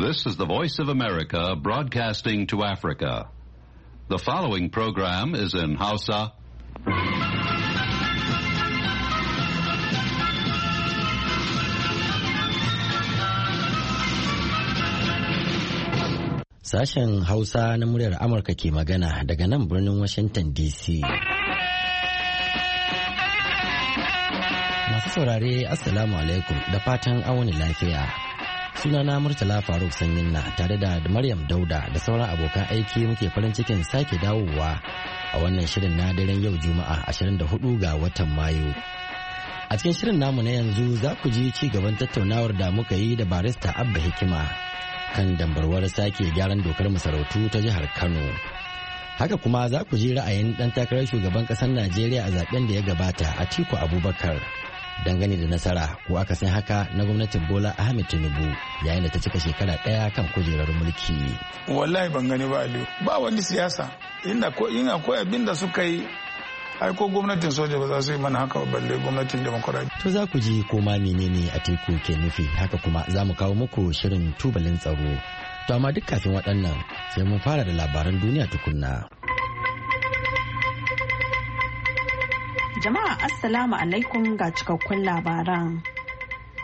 This is the Voice of America broadcasting to Africa. The following program is in Hausa. Sashen Hausa na muryar Amurka ke magana daga nan birnin Washington DC. Masu saurare, Assalamu alaikum da fatan awani lafiya. sunana murtala faruk sanyin na tare da maryam dauda da sauran abokan aiki muke farin cikin sake dawowa a wannan shirin na daren yau juma'a 24 ga watan mayu a cikin shirin namu na yanzu za ku ji ci gaban tattaunawar da muka yi da barista abba hikima kan dambarwar sake gyaran dokar masarautu ta jihar kano haka kuma za ku ji ra'ayin dan takarar shugaban kasar najeriya a zaben da ya gabata a tiku abubakar dangane da nasara ko aka san haka na gwamnatin bola ahmed tinubu yayin da ta cika shekara ɗaya kan kujerar mulki wallahi ban gani ba aliyu ba wani siyasa inda ko ina ko abin da suka yi ai ko gwamnatin soja ba za su yi mana haka ba balle gwamnatin demokuraɗi. To za ku ji ko ma menene a teku ke nufi haka kuma za mu kawo muku shirin tubalin tsaro. To amma duk kafin waɗannan sai mun fara da labaran duniya tukunna. Jama'a Assalamu alaikum ga cikakkun labaran.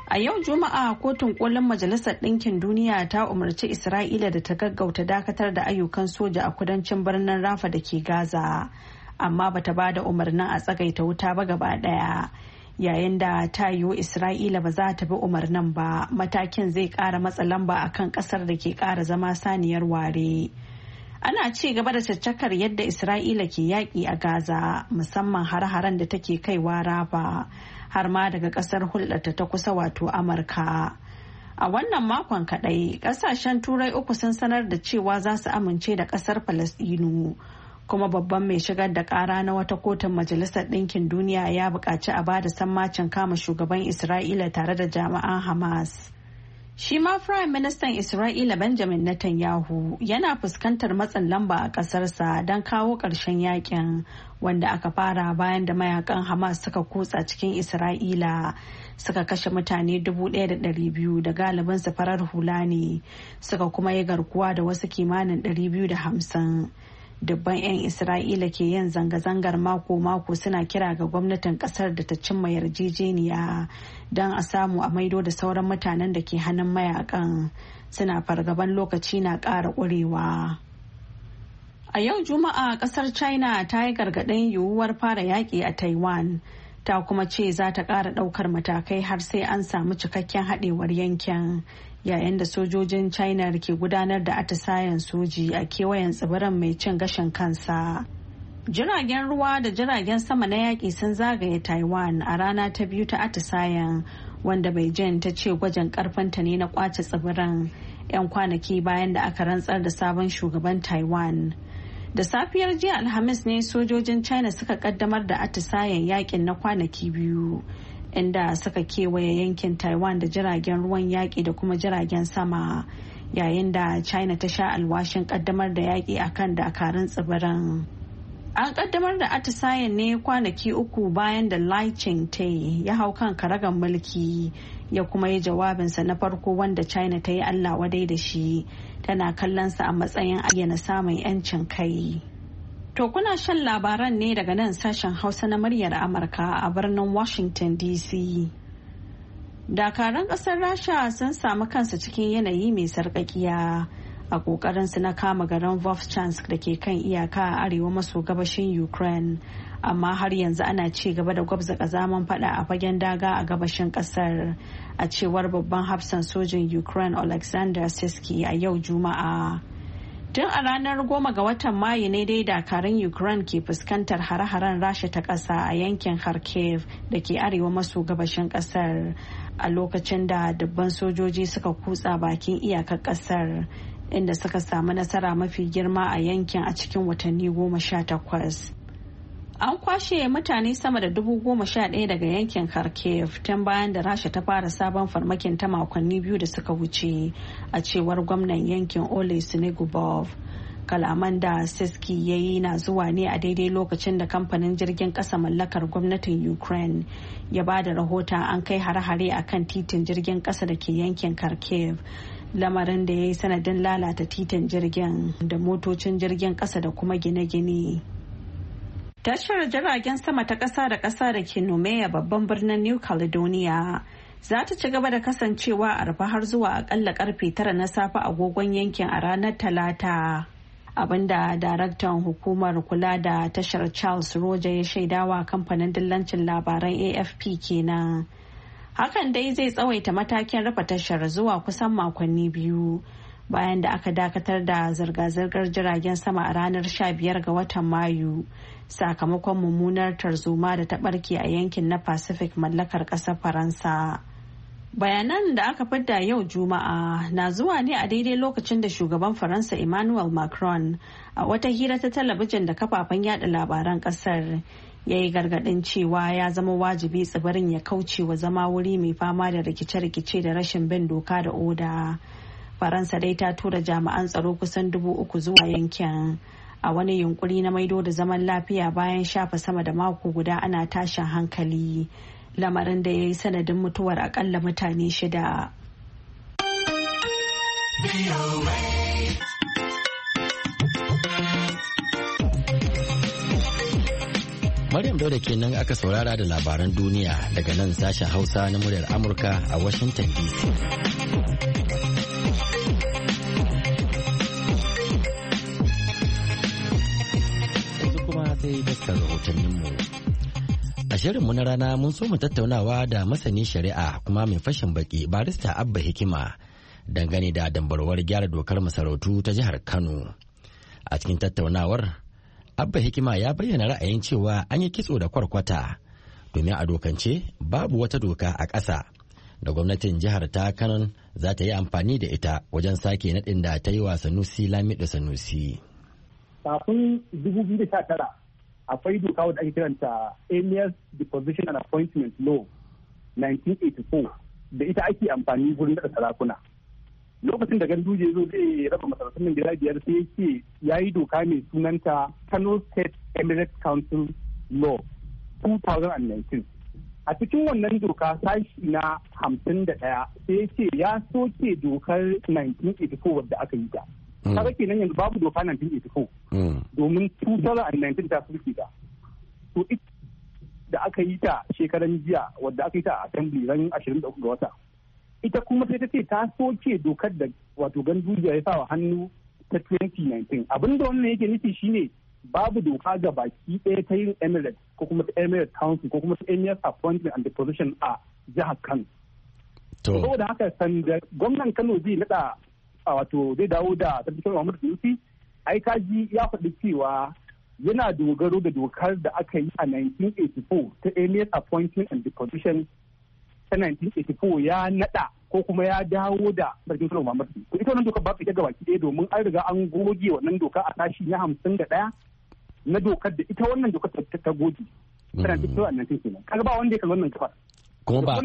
A yau Juma'a kotun kolin Majalisar Ɗinkin Duniya ta umarci Isra'ila da ta gaggauta dakatar da ayyukan soja a kudancin birnin Rafa da ke Gaza, amma bata ba da umarnin a tsagaita wuta ba gaba ɗaya. Yayin da ta yiwu Isra'ila ba za ta bi umarnin ba, matakin zai ƙara matsa lamba a kan ƙasar da ke ƙara zama saniyar ware. ana ci gaba da caccakar yadda isra'ila ke yaƙi a gaza musamman har-haren da take kaiwa Raba har ma daga ƙasar hulɗata ta kusa wato amurka a wannan makon kaɗai ƙasashen turai uku sun sanar da cewa za su amince da ƙasar falasɗinu kuma babban mai shigar da ƙara na wata kotun majalisar ɗinkin duniya ya buƙaci a bada sammacin kama shugaban isra'ila tare da jami'an hamas Shi ma Prime Minister Isra'ila Benjamin Netanyahu yana fuskantar matsin lamba a ƙasarsa don kawo ƙarshen yakin wanda aka fara bayan da mayakan Hamas suka kutsa cikin Isra'ila suka kashe mutane 1,200 da galibinsu farar hula ne suka kuma yi garkuwa da wasu kimanin 250. dubban 'yan isra'ila ke yin zanga-zangar mako-mako suna kira ga gwamnatin kasar da ta cimma yarjejeniya don a samu a maido da sauran mutanen da ke hannun mayakan suna fargaban lokaci na ƙara ƙurewa. a yau juma'a kasar china ta yi gargaɗin yiwuwar fara yaƙi a taiwan ta kuma ce za ta ƙara ɗaukar matakai har sai an samu cikakken haɗewar yankin yayin da sojojin china ke gudanar da atisayen soji a kewayen tsibirin mai cin gashin kansa jiragen ruwa da jiragen sama na yaƙi sun zagaye taiwan a rana ta biyu ta atisayen wanda beijing ta ce gwajin karfanta ne na kwace tsibirin 'yan kwanaki bayan da aka rantsar da sabon shugaban taiwan da safiyar jiya alhamis ne sojojin china suka kaddamar da atisayen yakin na kwanaki biyu inda suka kewaye yankin taiwan da jiragen ruwan yaƙi da kuma jiragen sama yayin da china ta sha alwashin ƙaddamar da yaƙi kan dakarun tsibirin an ƙaddamar da atisayen ne kwanaki uku bayan da Lai ching ya hau kan karagan mulki ya kuma yi jawabinsa na farko wanda china ta yi allah wadai da shi tana kallonsa a matsayin ayyana samun 'yancin kai To kuna shan labaran ne daga nan sashen Hausa na muryar Amurka a birnin Washington DC. Dakaran ƙasar Rasha sun samu kansu cikin yanayi mai sarƙaƙiya a ƙoƙarinsu na kama garin Vovchansk da ke kan iyaka a arewa maso gabashin Ukraine. Amma har yanzu ana ci gaba da gwabza ƙazaman faɗa a fagen daga a gabashin ƙasar a cewar babban hafsan sojin Ukraine Alexander Siski a yau Juma'a. Tun a ranar goma ga watan Mayu ne dai dakarun Ukraine ke fuskantar hare-haren rasha ta ƙasa a yankin Kharkiv da ke arewa maso gabashin ƙasar a lokacin da dubban sojoji suka kutsa bakin iyakar ƙasar inda suka samu nasara mafi girma a yankin a cikin watanni goma sha takwas. An kwashe mutane sama da dubu goma sha ɗaya daga yankin Kharkiv tun bayan da Rasha ta fara sabon farmakin ta makonni biyu da suka wuce a cewar gwamnan yankin Ole sinigubov Kalaman da Siski ya yi na zuwa ne a daidai lokacin da kamfanin jirgin ƙasa mallakar gwamnatin Ukraine ya ba da rahoton an kai hare-hare a kan titin jirgin ƙasa da ke yankin Kharkiv. Lamarin da ya yi sanadin lalata titin jirgin da motocin jirgin ƙasa da kuma gine-gine. Tashar jiragen sama ta ƙasa da ƙasa da ke Nomeya babban birnin New Caledonia za ta ci gaba da kasancewa a rufe har zuwa akalla karfe tara na safe agogon yankin a ranar Talata. abinda daraktan hukumar kula da tashar charles roger ya shaidawa kamfanin dillancin labaran afp kenan hakan dai zai tsawaita matakin rufe tashar zuwa kusan makonni biyu bayan da aka dakatar da zirga-zirgar jiragen sama a ranar 15 ga watan mayu sakamakon mummunar tarzoma da ta barke a yankin na pacific mallakar ƙasar faransa bayanan da aka fadda yau juma'a na zuwa ne a daidai lokacin da shugaban faransa emmanuel macron a wata hira ta talabijin da kafafen yada labaran kasar ya yi gargadin cewa ya zama wajibi tsibirin ya kauce wa zama wuri mai fama da rikice-rikice da rashin bin doka da oda faransa dai ta tura jami'an tsaro kusan dubu uku zuwa yankin a wani yunkuri na maido da zaman lafiya bayan shafa sama da mako guda ana tashin hankali lamarin da ya yi sanadin mutuwar akalla mutane shida Maryam Dauda kenan aka saurara da labaran duniya daga nan sashen Hausa na muryar Amurka a Washington DC. sai rahotannin rahotanninmu. A shirinmu na rana mun so mu tattaunawa da masani shari'a kuma mai fashin baki barista Abba Hikima dangane da dambarwar gyara dokar masarautu ta jihar Kano. A cikin tattaunawar, Abba Hikima ya bayyana ra'ayin cewa an yi kitso da kwarkwata domin a dokance babu wata doka a ƙasa da gwamnatin jihar ta Kano za ta yi amfani da ita wajen sake naɗin da ta yi wa Sanusi Lamido Sanusi. kafin 2019 akwai doka wadda ake kiranta alias deposition and appointment law 1984 da ita ake amfani gurin daɗa sarakuna lokacin da ganduje zo zai raba masarautun gida biyar sai yake ya yi doka mai sunanta kano state Emirates council law 2019 a cikin wannan doka sashi na hamsin da 51 sai yake ya soke dokar 1984 wadda aka yi ta Mm. kaga kenan yanzu babu doka 1984 mm. domin 2019 ta sulki ta to da aka yi ta shekaran jiya wadda aka yi ta a assembly ran 23 ga wata ita kuma sai ta ce ta soke dokar da wato gandujiya ya sa wa hannu ta 2019 da wannan yake nufi shine babu doka ga baki ɗaya ta yin emirates ko kuma ta emirates council ko kuma ta emirates appointment and deposition a jihar kano saboda haka sanda gwamnan kano zai nada A wato zai dawo da sarkin Muhammadu Sanusi ai kaji ya faɗi cewa yana dogaro da dokar da aka yi a 1984 ta Emirate Appointment and Deposition ta 1984 ya nada ko kuma ya dawo da sarkin Sulaiman Muhammad. To ita wannan doka ba ta gaba ɗaya domin an riga an goge wannan doka a tashi na hamsin da ɗaya na dokar da ita wannan dokar ta goge. Tana cikin mm. wannan kenan. Kaga ba wanda ya kalli wannan kafar. kuma ba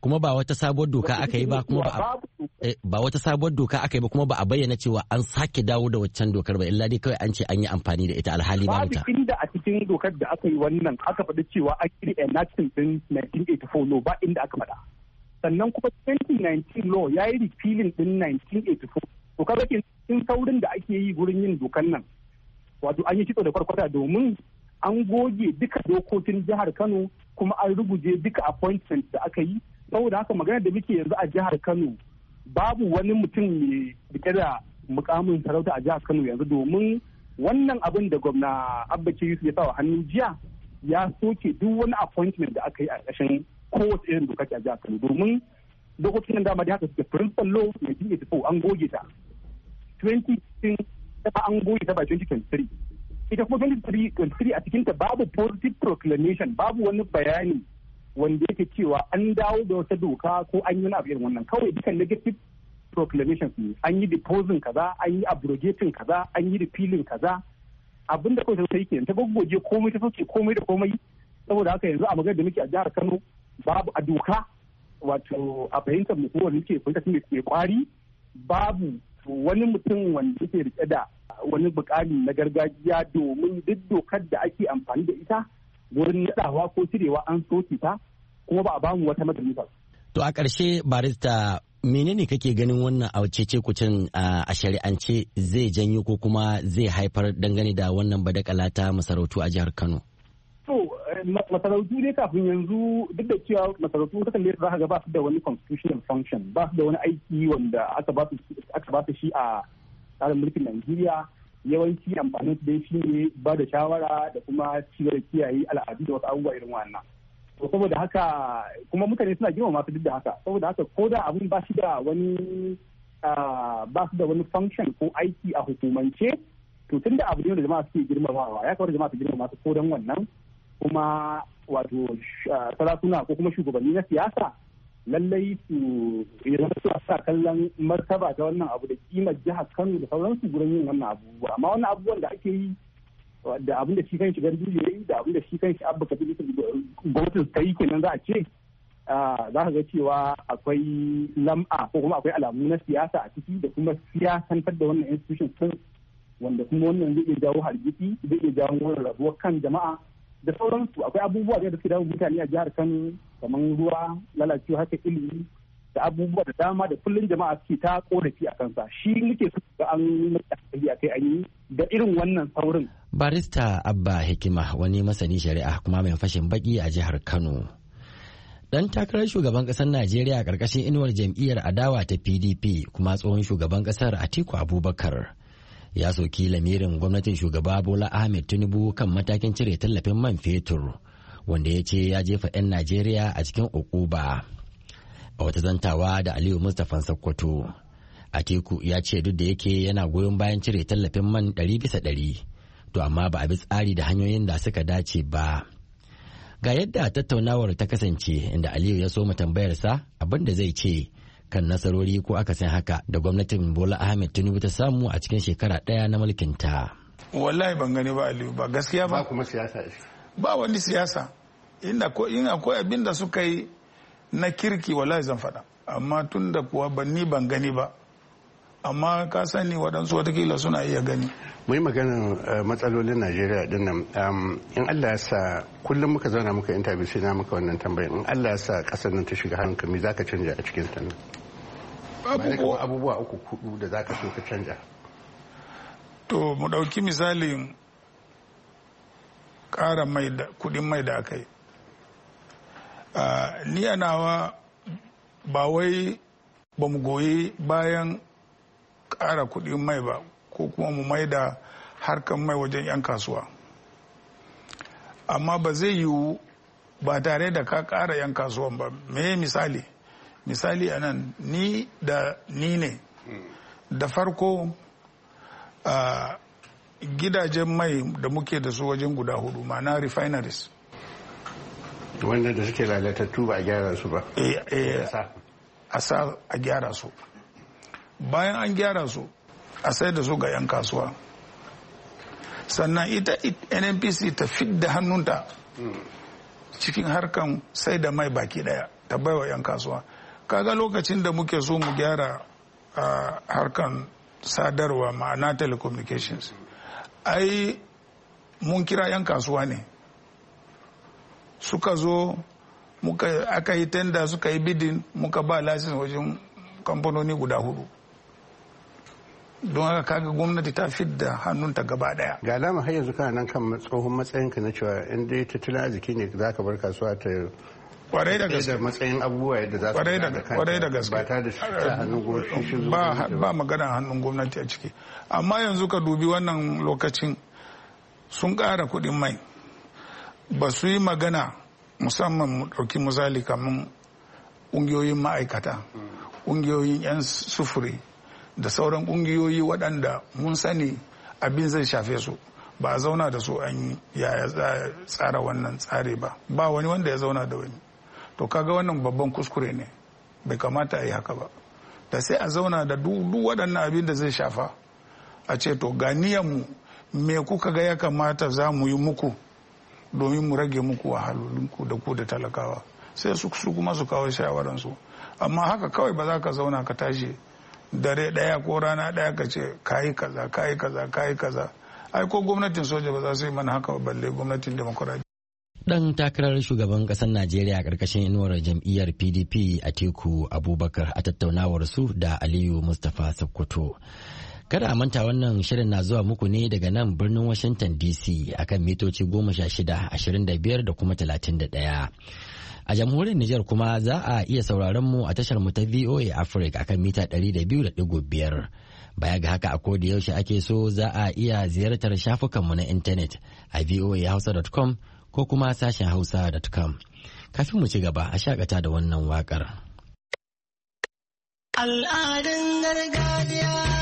kuma ba wata sabuwar doka aka yi ba kuma ba eh, ba wata sabuwar doka aka yi ba kuma ba a bayyana cewa an sake dawo da waccan dokar ba illa dai kawai an ce an yi amfani da ita alhali ba wuta ba inda a cikin dokar da aka yi wannan aka faɗi cewa an a enactment din 1984 law ba inda aka faɗa sannan kuma 2019 law ya yi repealing din 1984 dokar da kin saurin da ake yi gurin yin dokar nan wato an yi kitso da kwarkwata domin an goge duka dokokin jihar kano kuma an ruguje duka appointment da aka yi saboda haka magana da muke yanzu a jihar kano babu wani mutum mai rike da mukamin sarauta a jihar kano yanzu domin wannan abin da gwamna abba ke yusuf ya sa wa hannun jiya ya soke duk wani appointment da aka yi a ƙarshen kowace irin doka a jihar kano domin dokokin nan dama da haka suke principal law 1984 an goge ta 2016 an goge ta ba 2023 ita kuma 2023 a cikinta babu positive proclamation babu wani bayani wanda yake cewa an dawo da wata doka ko an yi wani irin wannan kawai duka negative proclamations ne an yi deposing kaza an yi abrogating kaza an yi repealing kaza abin da kawai sai kenan ta gogoje komai ta soke komai da komai saboda haka yanzu a magana da muke a jihar Kano babu a doka wato a fahimtar mu ko wanda muke fahimtar mai kwari babu wani mutum wanda ke rike da wani bukari na gargajiya domin duk dokar da ake amfani da ita wurin nadawa ko cirewa an soke ta kuma ba a bamu wata majalisa. To a ƙarshe barista menene kake ganin wannan a cece kucin a shari'ance zai janyo ko kuma zai haifar dangane da wannan badakala ta masarautu a jihar Kano? To masarautu dai kafin yanzu duk da cewa masarautu ta kalle za ga ba su da wani constitutional function ba su da wani aiki wanda aka ba su shi a tsarin mulkin Najeriya yawanci amfani da shi ne ba da shawara da kuma cigaba kiyaye al'adu da wasu abubuwa irin wannan to saboda haka kuma mutane suna girma masu duk da haka saboda haka ko da abun ba shi da wani ba su da wani function ko aiki a hukumance to tunda abu ne da jama'a suke girmamawa ya kawar jama'a su girmama su ko don wannan kuma wato ah, sarakuna ko kuma shugabanni na siyasa lallai su idan su sa kallon martaba ta wannan abu da kimar jihar kano da sauransu gurin yin wannan abubuwa amma wannan abubuwan da ake yi da abin da shi kan shi gandu ya yi da abin da shi kan shi abba kabiru gwamnatin ta yi kenan za a ce ah, za ka ga cewa akwai lam'a ko kuma akwai alamu na siyasa a ciki da kuma siyasantar da wannan institution sun wanda kuma wannan zai iya jawo hargitsi zai iya jawo rabuwar kan jama'a da sauransu akwai abubuwa da suke dawo mutane a jihar Kano kamar ruwa lalacewa haka ilimi da abubuwa da dama da kullum jama'a suke ta korafi a kansa shi muke su ga an a kai an yi da irin wannan saurin. Barista Abba Hikima wani masani shari'a kuma mai fashin baki a jihar Kano. Dan takarar shugaban kasar Najeriya a ƙarƙashin inuwar jam'iyyar adawa ta PDP kuma tsohon shugaban ƙasar Atiku Abubakar ya soki lamirin gwamnatin shugaba bola ahmed tinubu kan matakin cire tallafin man fetur wanda ya ce ya jefa 'yan najeriya a cikin ukuba a wata zantawa da aliyu mustapha a teku ya ce duk da yake yana goyon bayan cire tallafin man 100 bisa ɗari, to amma ba a bi tsari da hanyoyin da suka dace ba ga yadda tattaunawar ta kasance inda aliyu ya so mu tambayarsa abin da zai ce kan nasarori ko san haka da gwamnatin bola ahmed tinubu ta samu a cikin shekara ɗaya na mulkinta wallahi ban gani ba aliyu ba gaskiya ba kuma siyasa ba wani siyasa inda ko in akwai abin da suka yi na kirki wallahi zan faɗa amma tun da kuwa ban ni ban gani ba amma ka sani waɗansu watakila suna iya gani muyi maganin eh, matsalolin najeriya din nan in allah ya sa kullum muka zauna muka interview sai na muka wannan tambayin in allah ya sa ƙasar nan ta shiga hannunka me za ka canja a cikin ta abubuwa uku kudu da za ka so ka canja to mu ɗauki misalin ƙara kuɗin mai da aka yi ah, ni a nawa ba wai ba mu goyi bayan ƙara kuɗin mai ba ko kuma mu mai da harkar mai wajen 'yan kasuwa amma ba zai yiwu ba tare da ka ƙara 'yan kasuwan ba me misali misali a nan ni da ni ne da farko a gidajen mai da muke da su wajen guda hudu ma'ana refineries wanda da suke lalatattu ba a gyara su ba eh, eh, a sa a gyara su bayan an gyara su a sai da su ga 'yan kasuwa sannan ita nnpc ta da hannunta cikin harkan sai da mai baki daya ta baiwa 'yan kasuwa kaga lokacin da muke so mu gyara a harkan sadarwa ma'ana telecommunications ai mun kira 'yan kasuwa ne suka zo muka aka yi tenda suka yi bidin muka ba lasin wajen kamfanoni guda hudu don haka kaga gwamnati ta fidda hannunta gaba daya ga alama har yanzu kana nan kan tsohon matsayinka na cewa in dai tattalin arziki ne za ka bar kasuwa ta kwarai da gaske matsayin abubuwa yadda za su kwarai da gaske ba ta da hannun gwamnati ba magana hannun gwamnati a ciki amma yanzu ka dubi wannan lokacin sun kara kuɗin mai ba su yi magana musamman mu ɗauki misali kamar ƙungiyoyin ma'aikata ƙungiyoyin 'yan sufuri da sauran ƙungiyoyi waɗanda mun sani abin zai shafe su ba a zauna da su an yaya tsara wannan tsare ba ba wani wanda ya zauna da wani to kaga wannan babban kuskure ne bai kamata a yi haka ba da sai a zauna da duk waɗannan abin da zai shafa a ce to mu me kuka ga ya kamata za mu yi muku domin mu rage muku wahalolinku da ku da talakawa sai su kuma su kawo shawararsu amma haka kawai ba za ka zauna ka tashi dare ɗaya ko rana ɗaya ka ce kayi kaza kayi kaza kayi kaza ai ko gwamnatin soja ba za su yi mana haka ba balle gwamnatin demokuraɗi. dan takarar shugaban kasar najeriya karkashin inuwar jam'iyyar pdp a teku abubakar a tattaunawar su da aliyu mustapha sokoto kada a manta wannan shirin na zuwa muku ne daga nan birnin washington dc akan mitoci goma sha shida ashirin da biyar da kuma talatin da ɗaya A jamhuriyar Nijar kuma za a iya sauraron mu a tashar mu ta VOA Africa akan mita 200.5. Baya ga haka a koda yaushe ake so za a iya ziyartar shafukan mu na intanet a voahausa.com ko kuma sashen hausa.com. Kafin mu ci gaba a shakata da wannan waƙar. Al'adun gargajiya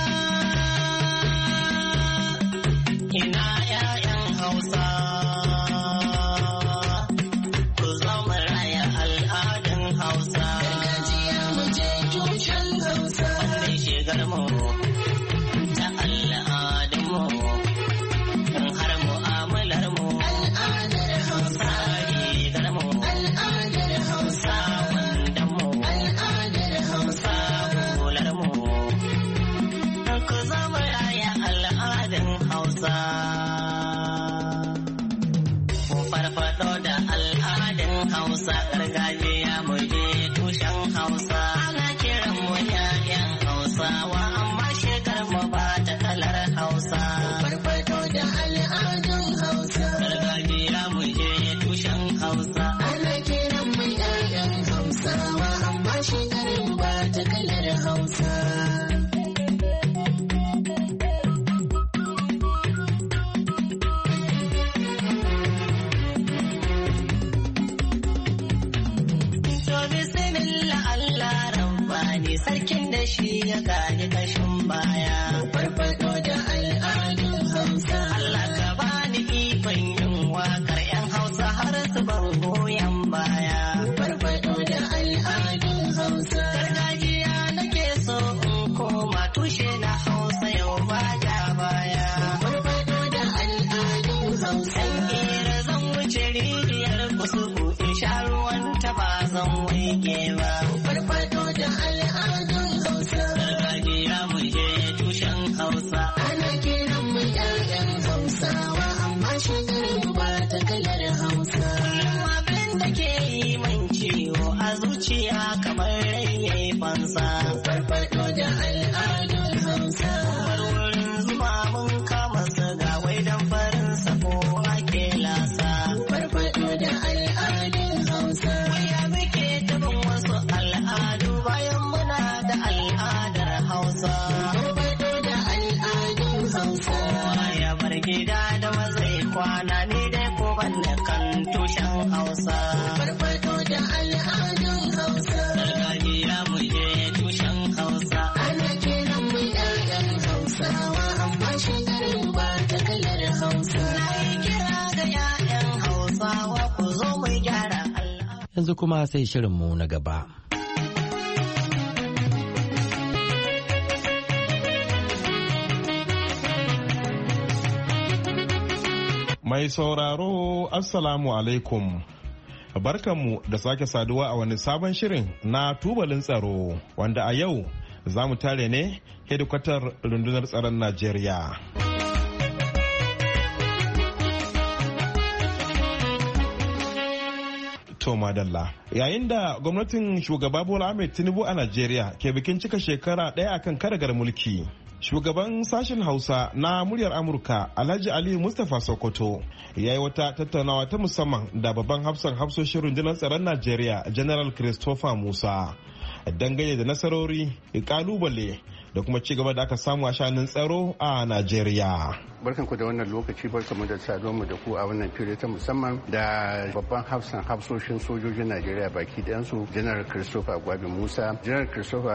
yanzu kuma sai shirinmu na gaba. Mai sauraro Assalamu alaikum. Barkanmu da sake saduwa a wani sabon shirin na tubalin tsaro wanda a yau za mu tare ne hedikwatar rundunar tsaron Najeriya. to madalla yayin da gwamnatin shugaba bola ahmed tinubu a najeriya ke bikin cika shekara ɗaya akan karagar mulki shugaban sashen hausa na muryar amurka alhaji Ali mustapha sokoto ya yi wata tattaunawa ta musamman da babban hafsan hafsoshin rundunar tsaron najeriya general christopher musa dangane da nasarori kalubale da kuma ci gaba da aka samu a shanun tsaro a najeriya barkanku da wannan lokaci barka mu da saduwa da ku a wannan fili ta musamman da babban hafsan hafsoshin sojojin Najeriya baki su Janar Christopher Gwabi Musa. Janar Christopher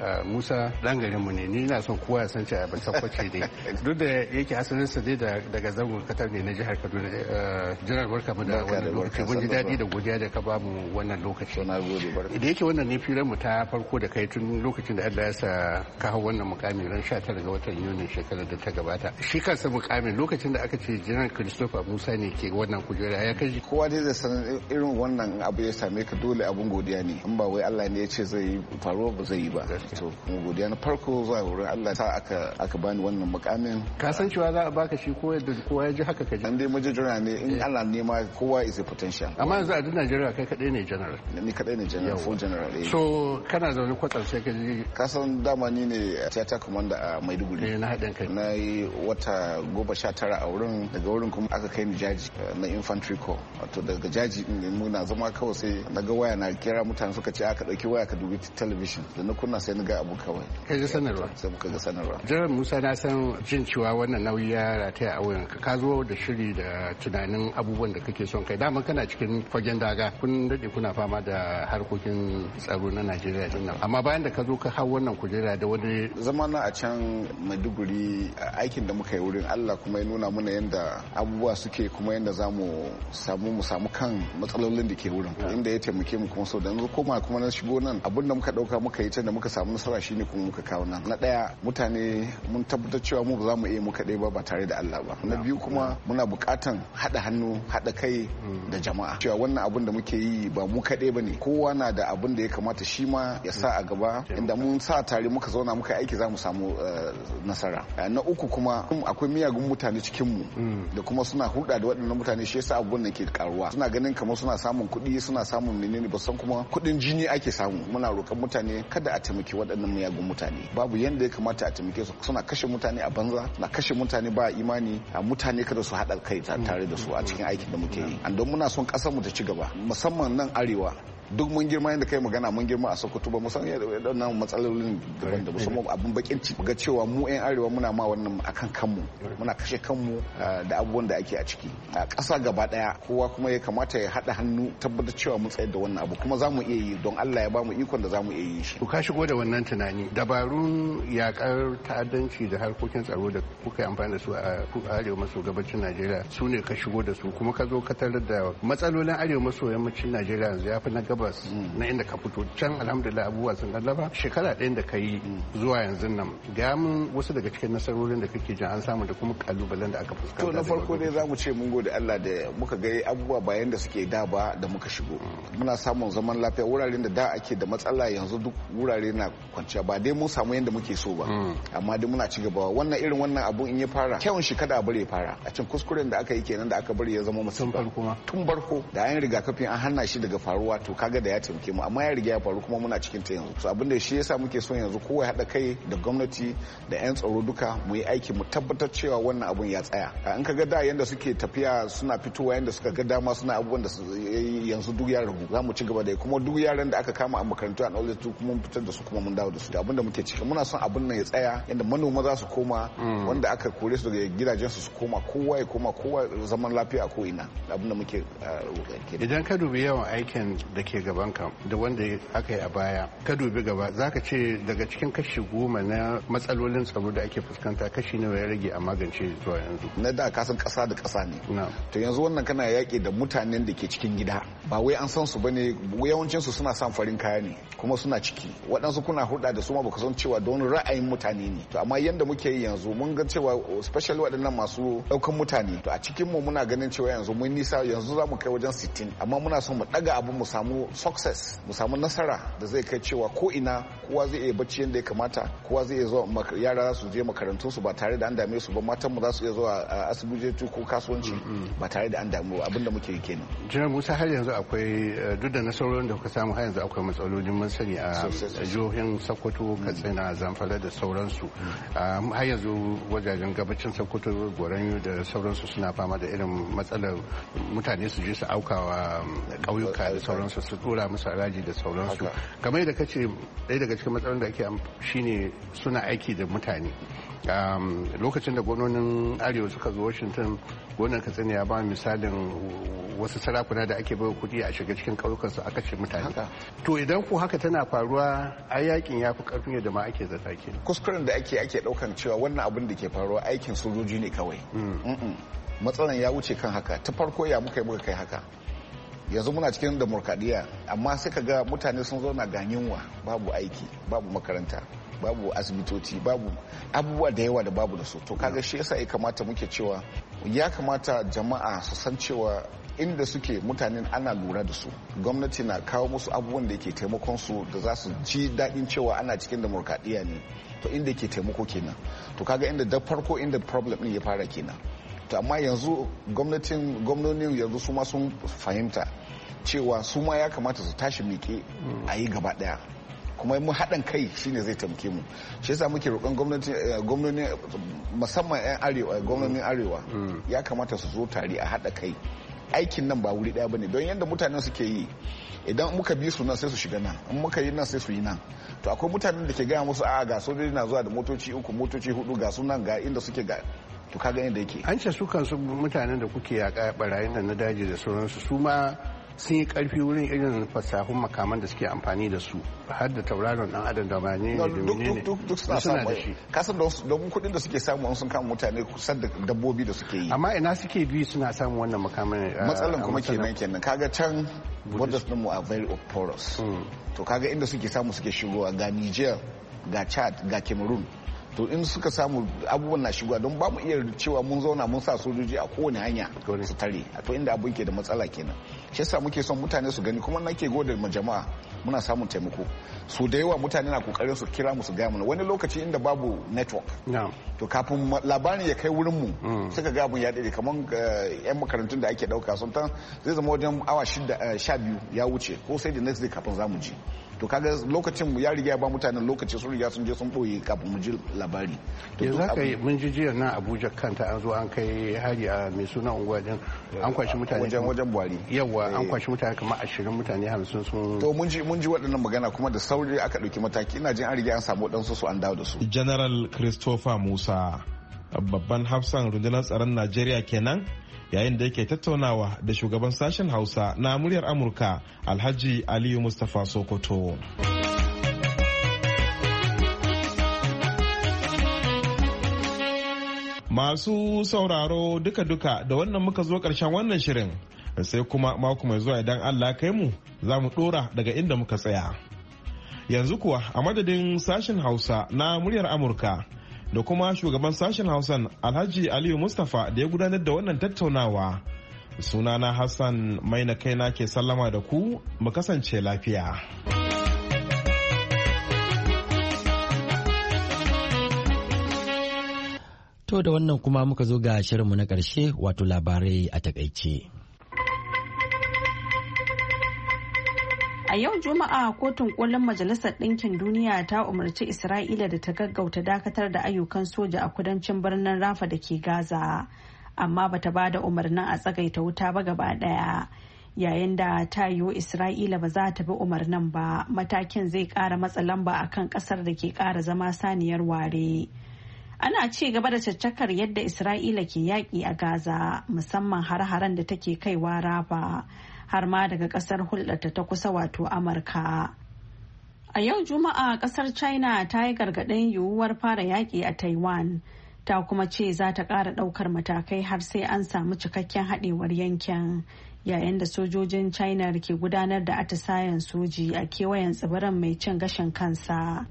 ah, Musa garin mu ne ni ina son kowa ya san cewa ba sakwace ne. Duk da yake sa dai daga zango Katar ne na jihar Kaduna. Janar ah, mu da wannan lokaci mun ji daɗi da godiya da ka bamu wannan lokaci. Da yake wannan ne filar mu ta farko da kai tun lokacin da Allah ya sa ka hau wannan mukami ran 19 ga watan Yuni shekarar da ta gabata. Shi kansa rasa mukamin lokacin da aka ce jiran christopher musa ne ke wannan kujera ya kaji kowa dai da sanar irin wannan abu ya same ka dole abun godiya ne in ba wai allah ne ya ce zai yi faruwa ba zai yi ba to godiya na farko zuwa wurin allah ta aka aka bani wannan mukamin ka san cewa za a baka shi ko yadda kowa ya ji haka ka ji an dai jira ne in eh. allah nema kowa is a potential amma yanzu a duk najeriya kai kadai ne general ni kadai ne general full general eh. so kana zaune kwatsar sai ka ji ka san dama ni ne theater commander a maiduguri eh, na haɗin kai na yi wata goma sha tara a wurin daga wurin kuma aka kai ni jaji eh, na infantry corps wato daga jaji ne muna zama kawai sai na ga waya na kira mutane suka ce aka ɗauki waya ka dubi television da na kunna sai na ga abu kawai ka ga sanarwa sai muka ga sanarwa jiran musa na san jin cewa wannan nauyi ya rataya a wurin ka zo da shiri da tunanin abubuwan da kake son kai dama kana cikin fagen daga kun dade kuna fama da harkokin tsaro na najeriya din nan amma bayan da ka zo ka hau wannan kujera da wani zama a can maiduguri aikin da muka yi wurin Allah kuma ya nuna mana yadda abubuwa suke kuma yadda za mu samu mu samu kan matsalolin da ke wurin inda ya taimake mu kuma sau da yanzu koma kuma na shigo nan abin da muka dauka muka yi can da muka samu nasara shine kuma muka kawo nan na daya mutane mun tabbatar cewa mu ba za mu iya mu dai ba ba tare da Allah ba na biyu kuma muna bukatan hada hannu hada kai da jama'a cewa wannan abin da muke yi ba mu kadai bane kowa na da abin da ya kamata shi ma ya sa a gaba inda mun sa tare muka zauna muka aiki za mu samu eh, nasara eh, na uku kuma akwai akwai miyagun mutane cikin mu mm. da kuma suna hulɗa da waɗannan mutane shi yasa abubuwan na ke karuwa suna ganin kamar suna samun kuɗi suna samun menene ba san kuma kuɗin jini ake samu muna roƙon mutane kada a taimaki waɗannan miyagun mutane babu yadda ya kamata a taimake su suna kashe mutane a banza na kashe mutane ba imani a mutane kada su haɗa kai tare da su a cikin aikin da muke yi don muna son ƙasar mu ta ci gaba musamman nan arewa duk mun girma yadda kai magana mun girma a sokoto ba musan yadda matsalolin daban da musamman abin bakin ci ga cewa mu yan arewa muna ma wannan akan kanmu muna kashe kanmu da abubuwan da ake a ciki a ƙasa gaba daya kowa kuma ya kamata ya haɗa hannu tabbatar cewa mun tsayar da wannan abu kuma za mu iya yi don Allah ya ba mu ikon da za mu iya yi shi. ka shigo da wannan tunani dabarun yakar ta'addanci da harkokin tsaro da kuka yi amfani da su a arewa maso gabacin Najeriya su ne ka shigo da su kuma ka zo ka tarar da matsalolin arewa maso yammacin Najeriya yanzu ya fi na gabas na inda ka fito can alhamdulillah abubuwa sun gallaba shekara ɗayan da ka yi zuwa yanzu nan ga mun wasu daga cikin nasarorin da kake jan an samu da kuma kalubalen da aka fuskanta to na farko dai za mu ce mun gode Allah da muka ga abubuwa bayan da suke da ba da muka shigo muna samun zaman lafiya wuraren da da ake da matsala yanzu duk wurare na kwanciya ba dai mun samu yadda muke so ba mm. amma dai muna ci gaba wannan irin wannan abun in ya fara kyawun shi kada a bari ya fara a cikin kuskuren da aka yi kenan da aka bari ya zama musamman tun farko da an rigakafi an hana shi daga faruwa to ka kaga da ya taimake mu amma ya riga ya faru kuma muna cikin ta yanzu so da shi yasa muke son yanzu kowa ya haɗa kai da gwamnati da 'yan tsaro duka mu yi aiki mu tabbatar cewa wannan abun ya tsaya in ka ga da yanda suke tafiya suna fitowa yanda suka ga dama suna abubuwan da eh, yanzu duk ya rubu za mu ci gaba da kuma duk yaran da aka kama a makarantu a knowledge su kuma fitar da su kuma mun dawo da su da abin da muke ciki muna son abun nan ya tsaya yanda manoma za su koma mm. wanda aka kore su daga gidajen su su koma kowa ya koma kowa zaman lafiya ko ina abin da muke eh, idan ka dubi yawan aikin da ke ke ka da wanda aka yi a baya ka dubi gaba zaka ce daga cikin kashi goma na matsalolin tsaro da ake fuskanta kashi nawa ya rage a magance zuwa yanzu na da kasan kasa da kasa ne to yanzu wannan kana yaƙi da mutanen da ke cikin gida ba wai an san su bane yawancin su suna san farin kaya ne kuma suna ciki waɗansu kuna hulɗa da su ma baka san cewa don ra'ayin mutane ne to amma yanda muke yi yanzu mun ga cewa especially waɗannan masu ɗaukan mutane to a cikin mu muna ganin cewa yanzu mun nisa yanzu za mu kai wajen sittin. amma muna son mu ɗaga abin mu samu success mu samu nasara da zai kai cewa ko ina kowa zai iya bacci yadda ya kamata kowa zai iya zuwa yara za su je makarantun su ba tare da an dame su ba matan mu za su iya zuwa asibitoci ko kasuwanci mm, mm. ba tare da an damu abin da muke yi kenan jiran musa har yanzu akwai eh, duk da nasarorin da kuka samu har yanzu akwai matsalolin mun sani a jihohin sokoto mm. katsina zamfara da sauransu um, har yanzu wajajen gabacin sokoto goranyu da sauransu suna fama da irin matsalar mutane su je su aukawa um, ƙauyuka da sauransu su tura musu haraji da sauransu kamar yadda kace ɗaya daga cikin matsalolin da ake shine suna aiki da mutane lokacin da gononin arewa suka zo washington gonar katsina ya ba misalin wasu sarakuna da ake bai kuɗi a shiga cikin su a kashe mutane to idan ko haka tana faruwa a yakin ya fi ƙarfin yadda ma ake zata ke kuskuren da ake ake ɗaukan cewa wannan abin da ke faruwa aikin sojoji ne kawai mm. matsalan ya wuce kan haka ta farko ya muka yi muka kai haka yanzu muna cikin demokradiyya amma sai ka ga mutane sun zauna ga yunwa babu aiki babu makaranta babu asibitoci babu abubuwa da yawa da babu da su to kaga shi yasa ya kamata muke cewa ya kamata jama'a su san cewa inda suke mutanen ana lura da su gwamnati na kawo musu abubuwan da ke taimakon su da za su ji daɗin cewa ana cikin demokradiyya ne to inda ke taimako kenan to kaga inda da farko inda problem ɗin ya fara kenan to amma yanzu gwamnatin gwamnonin yanzu su ma sun fahimta cewa su ma ya kamata su tashi miƙe a yi gaba ɗaya kuma mu haɗin kai shine zai tamke mu shi yasa muke roƙon gwamnati eh, musamman 'yan arewa gwamnonin arewa mm. ya kamata su zo tare a haɗa kai aikin nan ba wuri ɗaya ne don yadda mutanen suke yi idan muka bi su nan sai su shiga nan in muka yi nan sai su yi nan to akwai mutanen da ke gaya musu a ga sojoji na zuwa da motoci uku motoci hudu ga sunan ga inda suke ga to kaga yadda yake an ce su kansu mutanen da kuke yaƙa barayin da na daji da sauransu su ma sun yi karfi wurin irin fasahun makaman da suke amfani da su har da tauraron dan adam da mane ne da ne duk suna da shi kasan da domin kuɗin da suke samu sun kama mutane kusan da dabbobi da suke yi amma ina suke bi suna samun wannan makaman eh, matsalan kuma kenan kenan kaga can borders din mu are very porous hmm. to kaga inda suke samu suke shigowa ga Niger ga Chad ga Cameroon to in suka samu abubuwan na shigowa don ba mu iya cewa mun zauna mun sa sojoji a kowane hanya su tare a to inda abun ke da matsala kenan shi yasa muke son mutane su gani kuma nake gode ma jama'a muna samun taimako su da yawa mutane na kokarin su kira mu su gaya mana wani lokaci inda babu network to kafin labarin ya kai wurin mu mm. suka ga abun ya dade kamar yan eh, makarantun da ake dauka sun zai zama wajen awa shida eh, sha biyu ya wuce ko sai da next day kafin zamu ji to kaga lokacin ya riga ba mutanen lokaci sun riga sun je sun boye kafin mu ji labari yanzu yi mun ji jiya na abuja kanta an zo an kai hari a mai suna unguwa an kwashi mutane wajen wajen buhari yawa an eh. kwashi mutane kamar ashirin mutane hamsin sun to mun ji mun ji waɗannan magana kuma da sauri aka ɗauki mataki ina jin an riga an samu ɗansu su an dawo da su general christopher musa babban hafsan rundunar tsaron najeriya kenan yayin da yake tattaunawa da shugaban sashen hausa na muryar amurka alhaji aliyu mustapha sokoto masu sauraro duka-duka da wannan muka zo karshen wannan shirin sai kuma mako mai zuwa idan allah kai mu za mu dora daga inda muka tsaya yanzu kuwa a madadin sashen hausa na muryar amurka da kuma shugaban sashen hausan alhaji aliyu mustapha da ya gudanar da wannan tattaunawa sunana hassan mai kaina ke sallama da ku mu kasance lafiya to da wannan kuma muka zo ga shirinmu na karshe wato labarai a takaice A yau Juma'a kotun kolin Majalisar Ɗinkin Duniya ta umarci Isra'ila da ta gaggauta dakatar da ayyukan soja a kudancin birnin Rafa da ke Gaza, amma bata ba da umarnin a tsagaita wuta ba gaba ɗaya. Yayin da ta yiwu Isra'ila ba za ta bi umarnin ba, matakin zai ƙara matsa lamba a kan ƙasar da ke ƙara zama saniyar ware. Ana ci gaba da caccakar yadda Isra'ila ke yaƙi a Gaza, musamman har-haren da take kaiwa Rafa. har ma daga kasar hulɗarta ta kusa wato amurka a yau juma'a kasar china ta yi gargaɗin yiwuwar fara yaƙi a taiwan ta kuma ce za ta ƙara ɗaukar matakai har sai an samu cikakken haɗewar yankin yayin da sojojin china ke gudanar da atisayen soji a kewayen tsibirin mai cin gashin kansa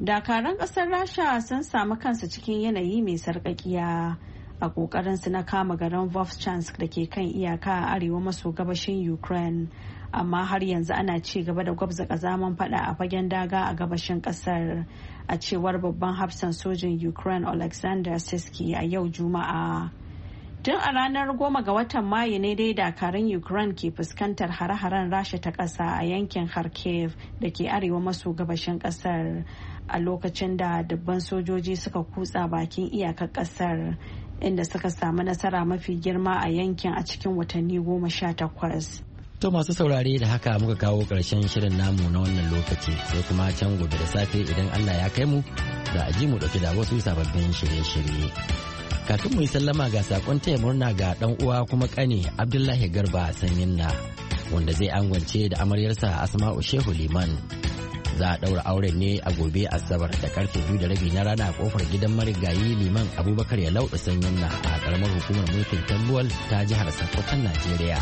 dakaran ƙasar rasha sun samu kansa cikin yanayi mai sarƙaƙiya a su na kama garin Vovchansk da ke kan iyaka a arewa maso gabashin Ukraine. Amma har yanzu ana ci gaba da gwabza kazaman fada a fagen daga a gabashin kasar a cewar babban hafsan sojin Ukraine Alexander Siski a yau Juma'a. Tun a ranar goma ga watan Mayu ne dai dakarun Ukraine ke fuskantar hare-haren rasha ta ƙasa a yankin Kharkiv da ke arewa maso gabashin ƙasar a lokacin da dubban sojoji suka kutsa bakin iyakar ƙasar inda suka samu nasara mafi girma a yankin a cikin watanni goma sha takwas. To masu saurare da haka muka kawo ƙarshen shirin namu na wannan lokaci sai kuma can gobe da safe idan Allah ya kai mu da a ji mu ɗauki da wasu sababbin shirye-shirye. Kafin mu yi sallama ga sakon taya murna ga ɗan uwa kuma ƙani Abdullahi Garba Sanyinna wanda zai angwance da amaryarsa Asma'u Shehu Liman. za a ɗaura auren ne a gobe asabar da karfe biyu da rabi na rana a kofar gidan marigayi liman abubakar ya lauɗa sanyin na a karamar hukumar mulkin tambuwal ta jihar sakkwatan najeriya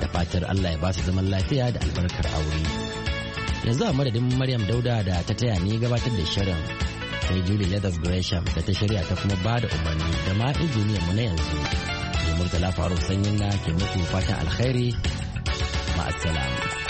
da fatar allah ya ba su zaman lafiya da albarkar aure yanzu a madadin maryam dauda da ta taya ne gabatar da shirin sai julie leather gresham da ta shirya ta kuma ba da umarni da ma injiniyan mu na yanzu da murtala faru sanyin na ke mutu fatan alkhairi ma'asala